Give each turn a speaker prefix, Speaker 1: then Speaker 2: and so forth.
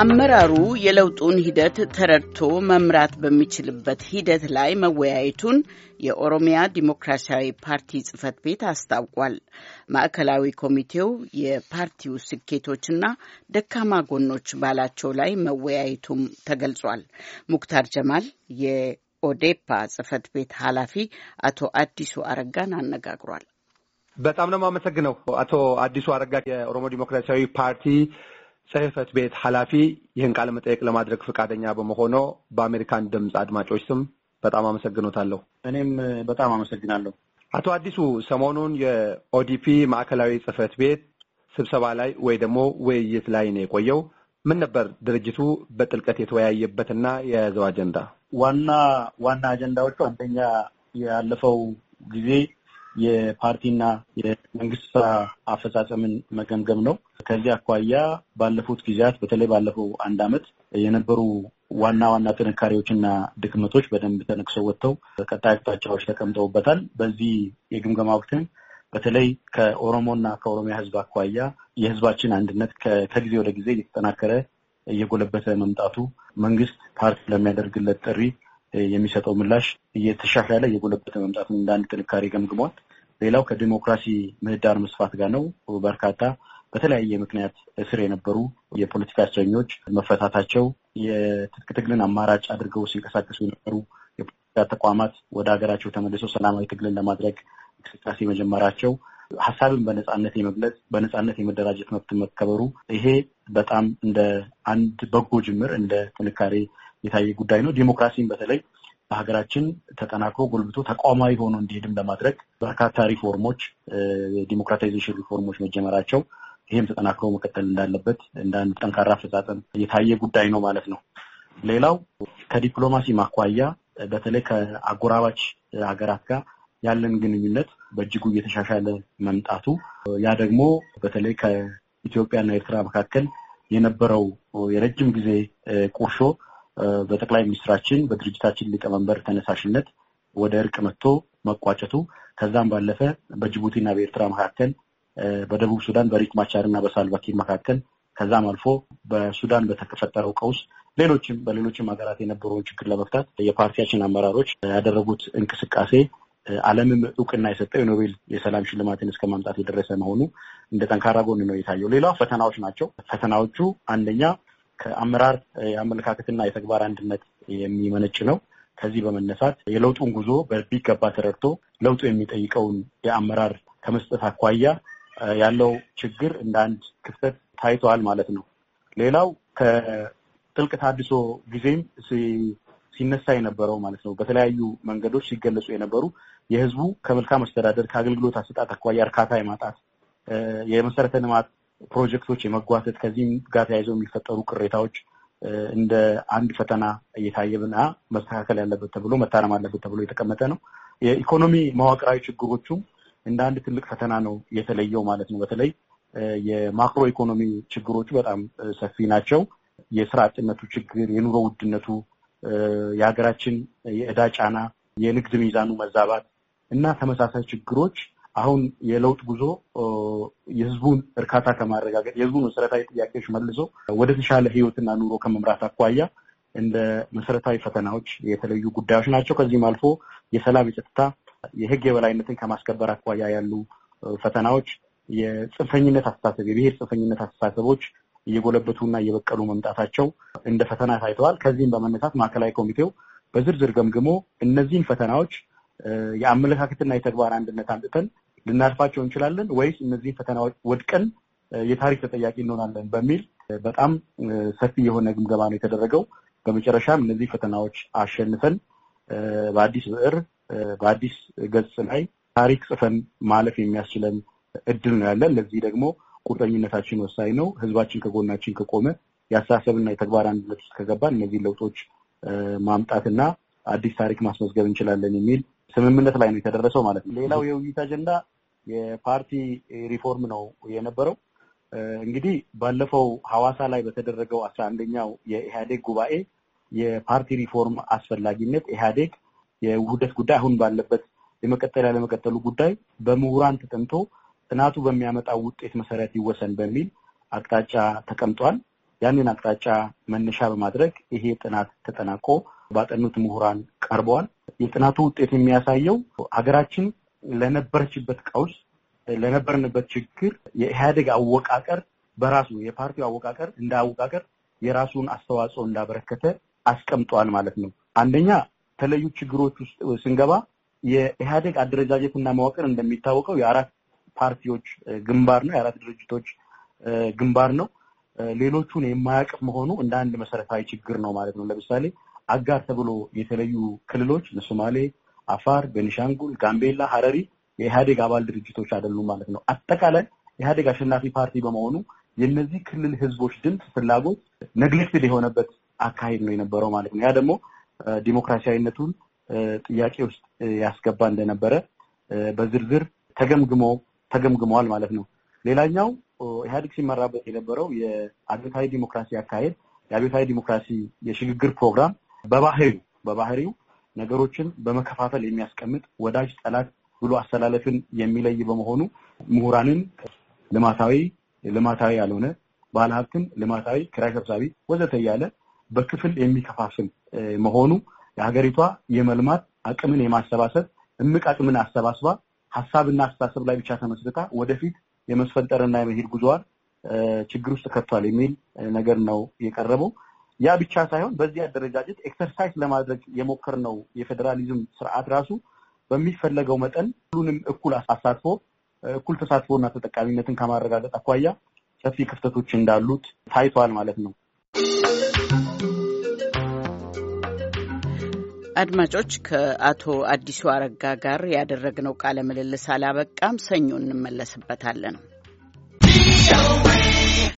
Speaker 1: አመራሩ የለውጡን ሂደት ተረድቶ መምራት በሚችልበት ሂደት ላይ መወያየቱን የኦሮሚያ ዲሞክራሲያዊ ፓርቲ ጽህፈት ቤት አስታውቋል። ማዕከላዊ ኮሚቴው የፓርቲው ስኬቶችና ደካማ ጎኖች ባላቸው ላይ መወያየቱም ተገልጿል። ሙክታር ጀማል የኦዴፓ ጽህፈት ቤት ኃላፊ አቶ አዲሱ አረጋን አነጋግሯል። በጣም ነው የማመሰግነው አቶ አዲሱ አረጋ የኦሮሞ ዲሞክራሲያዊ ፓርቲ ጽህፈት ቤት ኃላፊ ይህን ቃለ መጠየቅ ለማድረግ ፈቃደኛ በመሆኖ በአሜሪካን ድምፅ አድማጮች ስም በጣም አመሰግኖታለሁ። እኔም በጣም አመሰግናለሁ። አቶ አዲሱ ሰሞኑን የኦዲፒ ማዕከላዊ ጽህፈት ቤት ስብሰባ ላይ ወይ ደግሞ ውይይት ላይ ነው የቆየው። ምን ነበር ድርጅቱ በጥልቀት የተወያየበትና የያዘው አጀንዳ? ዋና ዋና አጀንዳዎቹ አንደኛ ያለፈው ጊዜ የፓርቲና የመንግስት ስራ አፈጻጸምን መገምገም ነው። ከዚህ አኳያ ባለፉት ጊዜያት በተለይ ባለፈው አንድ ዓመት የነበሩ ዋና ዋና ጥንካሬዎችና ድክመቶች በደንብ ተነቅሰው ወጥተው ቀጣይ አቅጣጫዎች ተቀምጠውበታል። በዚህ የግምገማ ወቅትም በተለይ ከኦሮሞና ከኦሮሚያ ህዝብ አኳያ የህዝባችን አንድነት ከጊዜ ወደ ጊዜ እየተጠናከረ እየጎለበተ መምጣቱ መንግስት ፓርቲ ለሚያደርግለት ጥሪ የሚሰጠው ምላሽ እየተሻሻለ እየጎለበተ መምጣቱን አንድ ጥንካሬ ገምግሟል። ሌላው ከዲሞክራሲ ምህዳር መስፋት ጋር ነው። በርካታ በተለያየ ምክንያት እስር የነበሩ የፖለቲካ እስረኞች መፈታታቸው፣ የትጥቅ ትግልን አማራጭ አድርገው ሲንቀሳቀሱ የነበሩ የፖለቲካ ተቋማት ወደ ሀገራቸው ተመልሰው ሰላማዊ ትግልን ለማድረግ እንቅስቃሴ መጀመራቸው፣ ሀሳብን በነጻነት የመግለጽ በነጻነት የመደራጀት መብት መከበሩ፣ ይሄ በጣም እንደ አንድ በጎ ጅምር እንደ ጥንካሬ የታየ ጉዳይ ነው። ዲሞክራሲን በተለይ በሀገራችን ተጠናክሮ ጎልብቶ ተቋማዊ ሆኖ እንዲሄድም ለማድረግ በርካታ ሪፎርሞች፣ ዲሞክራታይዜሽን ሪፎርሞች መጀመራቸው ይህም ተጠናክሮ መቀጠል እንዳለበት እንደ አንድ ጠንካራ አፈጻጸም የታየ ጉዳይ ነው ማለት ነው። ሌላው ከዲፕሎማሲ ማኳያ በተለይ ከአጎራባች ሀገራት ጋር ያለን ግንኙነት በእጅጉ እየተሻሻለ መምጣቱ ያ ደግሞ በተለይ ከኢትዮጵያና ኤርትራ መካከል የነበረው የረጅም ጊዜ ቁርሾ በጠቅላይ ሚኒስትራችን በድርጅታችን ሊቀመንበር ተነሳሽነት ወደ እርቅ መጥቶ መቋጨቱ ከዛም ባለፈ በጅቡቲና በኤርትራ መካከል በደቡብ ሱዳን በሪክ ማቻር በሳልቫኪር መካከል ከዛም አልፎ በሱዳን በተፈጠረው ቀውስ ሌሎችም በሌሎችም ሀገራት የነበረውን ችግር ለመፍታት የፓርቲያችን አመራሮች ያደረጉት እንቅስቃሴ ዓለምም እውቅና የሰጠው የኖቤል የሰላም ሽልማትን እስከ ማምጣት የደረሰ መሆኑ እንደ ጠንካራ ጎን ነው የታየው። ሌላ ፈተናዎች ናቸው። ፈተናዎቹ አንደኛ ከአመራር የአመለካከትና የተግባር አንድነት የሚመነጭ ነው። ከዚህ በመነሳት የለውጡን ጉዞ በሚገባ ተረድቶ ለውጡ የሚጠይቀውን የአመራር ከመስጠት አኳያ ያለው ችግር እንደ አንድ ክፍተት ታይተዋል ማለት ነው። ሌላው ከጥልቅ ታድሶ ጊዜም ሲነሳ የነበረው ማለት ነው በተለያዩ መንገዶች ሲገለጹ የነበሩ የህዝቡ ከመልካም አስተዳደር ከአገልግሎት አሰጣጥ አኳያ እርካታ የማጣት የመሰረተ ልማት ፕሮጀክቶች የመጓተት ከዚህም ጋር ተያይዘው የሚፈጠሩ ቅሬታዎች እንደ አንድ ፈተና ብና መስተካከል ያለበት ተብሎ መታረም አለበት ተብሎ የተቀመጠ ነው። የኢኮኖሚ መዋቅራዊ ችግሮቹም እንደ አንድ ትልቅ ፈተና ነው የተለየው ማለት ነው። በተለይ የማክሮ ኢኮኖሚ ችግሮቹ በጣም ሰፊ ናቸው። የስራ አጥነቱ ችግር፣ የኑሮ ውድነቱ፣ የሀገራችን የእዳ ጫና፣ የንግድ ሚዛኑ መዛባት እና ተመሳሳይ ችግሮች አሁን የለውጥ ጉዞ የህዝቡን እርካታ ከማረጋገጥ የህዝቡን መሰረታዊ ጥያቄዎች መልሶ ወደ ተሻለ ህይወትና ኑሮ ከመምራት አኳያ እንደ መሰረታዊ ፈተናዎች የተለዩ ጉዳዮች ናቸው። ከዚህም አልፎ የሰላም፣ የጸጥታ፣ የህግ የበላይነትን ከማስከበር አኳያ ያሉ ፈተናዎች፣ የጽንፈኝነት አስተሳሰብ፣ የብሔር ጽንፈኝነት አስተሳሰቦች እየጎለበቱና እየበቀሉ መምጣታቸው እንደ ፈተና ታይተዋል። ከዚህም በመነሳት ማዕከላዊ ኮሚቴው በዝርዝር ገምግሞ እነዚህን ፈተናዎች የአመለካከትና የተግባር አንድነት አምጥተን ልናልፋቸው እንችላለን ወይስ እነዚህ ፈተናዎች ወድቀን የታሪክ ተጠያቂ እንሆናለን በሚል በጣም ሰፊ የሆነ ግምገማ ነው የተደረገው። በመጨረሻም እነዚህ ፈተናዎች አሸንፈን በአዲስ ብዕር በአዲስ ገጽ ላይ ታሪክ ጽፈን ማለፍ የሚያስችለን እድል ነው ያለን። ለዚህ ደግሞ ቁርጠኝነታችን ወሳኝ ነው። ህዝባችን ከጎናችን ከቆመ የአስተሳሰብና የተግባር አንድነት ውስጥ ከገባን እነዚህን ለውጦች ማምጣትና አዲስ ታሪክ ማስመዝገብ እንችላለን የሚል ስምምነት ላይ ነው የተደረሰው ማለት ነው። ሌላው የውይይት አጀንዳ የፓርቲ ሪፎርም ነው የነበረው። እንግዲህ ባለፈው ሐዋሳ ላይ በተደረገው አስራ አንደኛው የኢህአዴግ ጉባኤ የፓርቲ ሪፎርም አስፈላጊነት ኢህአዴግ የውህደት ጉዳይ አሁን ባለበት የመቀጠል ያለመቀጠሉ ጉዳይ በምሁራን ተጠንቶ ጥናቱ በሚያመጣው ውጤት መሰረት ይወሰን በሚል አቅጣጫ ተቀምጧል። ያንን አቅጣጫ መነሻ በማድረግ ይሄ ጥናት ተጠናቆ ባጠኑት ምሁራን ቀርበዋል። የጥናቱ ውጤት የሚያሳየው ሀገራችን ለነበረችበት ቀውስ ለነበርንበት ችግር የኢህአዴግ አወቃቀር በራሱ የፓርቲው አወቃቀር እንደ አወቃቀር የራሱን አስተዋጽኦ እንዳበረከተ አስቀምጧል ማለት ነው። አንደኛ ተለዩ ችግሮች ውስጥ ስንገባ የኢህአዴግ አደረጃጀትና መዋቅር እንደሚታወቀው የአራት ፓርቲዎች ግንባር ነው። የአራት ድርጅቶች ግንባር ነው። ሌሎቹን የማያቅፍ መሆኑ እንደ አንድ መሰረታዊ ችግር ነው ማለት ነው። ለምሳሌ አጋር ተብሎ የተለዩ ክልሎች ለሶማሌ አፋር፣ ቤኒሻንጉል፣ ጋምቤላ፣ ሀረሪ የኢህአዴግ አባል ድርጅቶች አይደሉም ማለት ነው። አጠቃላይ ኢህአዴግ አሸናፊ ፓርቲ በመሆኑ የእነዚህ ክልል ህዝቦች ድምፅ ፍላጎት ነግሌክትድ የሆነበት አካሄድ ነው የነበረው ማለት ነው። ያ ደግሞ ዲሞክራሲያዊነቱን ጥያቄ ውስጥ ያስገባ እንደነበረ በዝርዝር ተገምግሞ ተገምግመዋል ማለት ነው። ሌላኛው ኢህአዴግ ሲመራበት የነበረው የአብዮታዊ ዲሞክራሲ አካሄድ የአብዮታዊ ዲሞክራሲ የሽግግር ፕሮግራም በባህሪው በባህሪው ነገሮችን በመከፋፈል የሚያስቀምጥ ወዳጅ ጠላት ብሎ አሰላለፍን የሚለይ በመሆኑ ምሁራንን ልማታዊ፣ ልማታዊ ያልሆነ ባለሀብትን ልማታዊ፣ ኪራይ ሰብሳቢ ወዘተ እያለ በክፍል የሚከፋፍል መሆኑ የሀገሪቷ የመልማት አቅምን የማሰባሰብ እምቅ አቅምን አሰባስባ ሀሳብና አስተሳሰብ ላይ ብቻ ተመስርታ ወደፊት የመስፈንጠርና የመሄድ ጉዞዋን ችግር ውስጥ ከቷል የሚል ነገር ነው የቀረበው። ያ ብቻ ሳይሆን በዚህ አደረጃጀት ኤክሰርሳይዝ ለማድረግ ነው የፌዴራሊዝም ስርዓት ራሱ በሚፈለገው መጠን ሁሉንም እኩል አሳትፎ እኩል ተሳትፎና ተጠቃሚነትን ከማረጋገጥ አኳያ ሰፊ ክፍተቶች እንዳሉት ታይቷል ማለት ነው። አድማጮች ከአቶ አዲሱ አረጋ ጋር ያደረግነው ቃለ ምልልስ አላበቃም። ሰኞ እንመለስበታለን።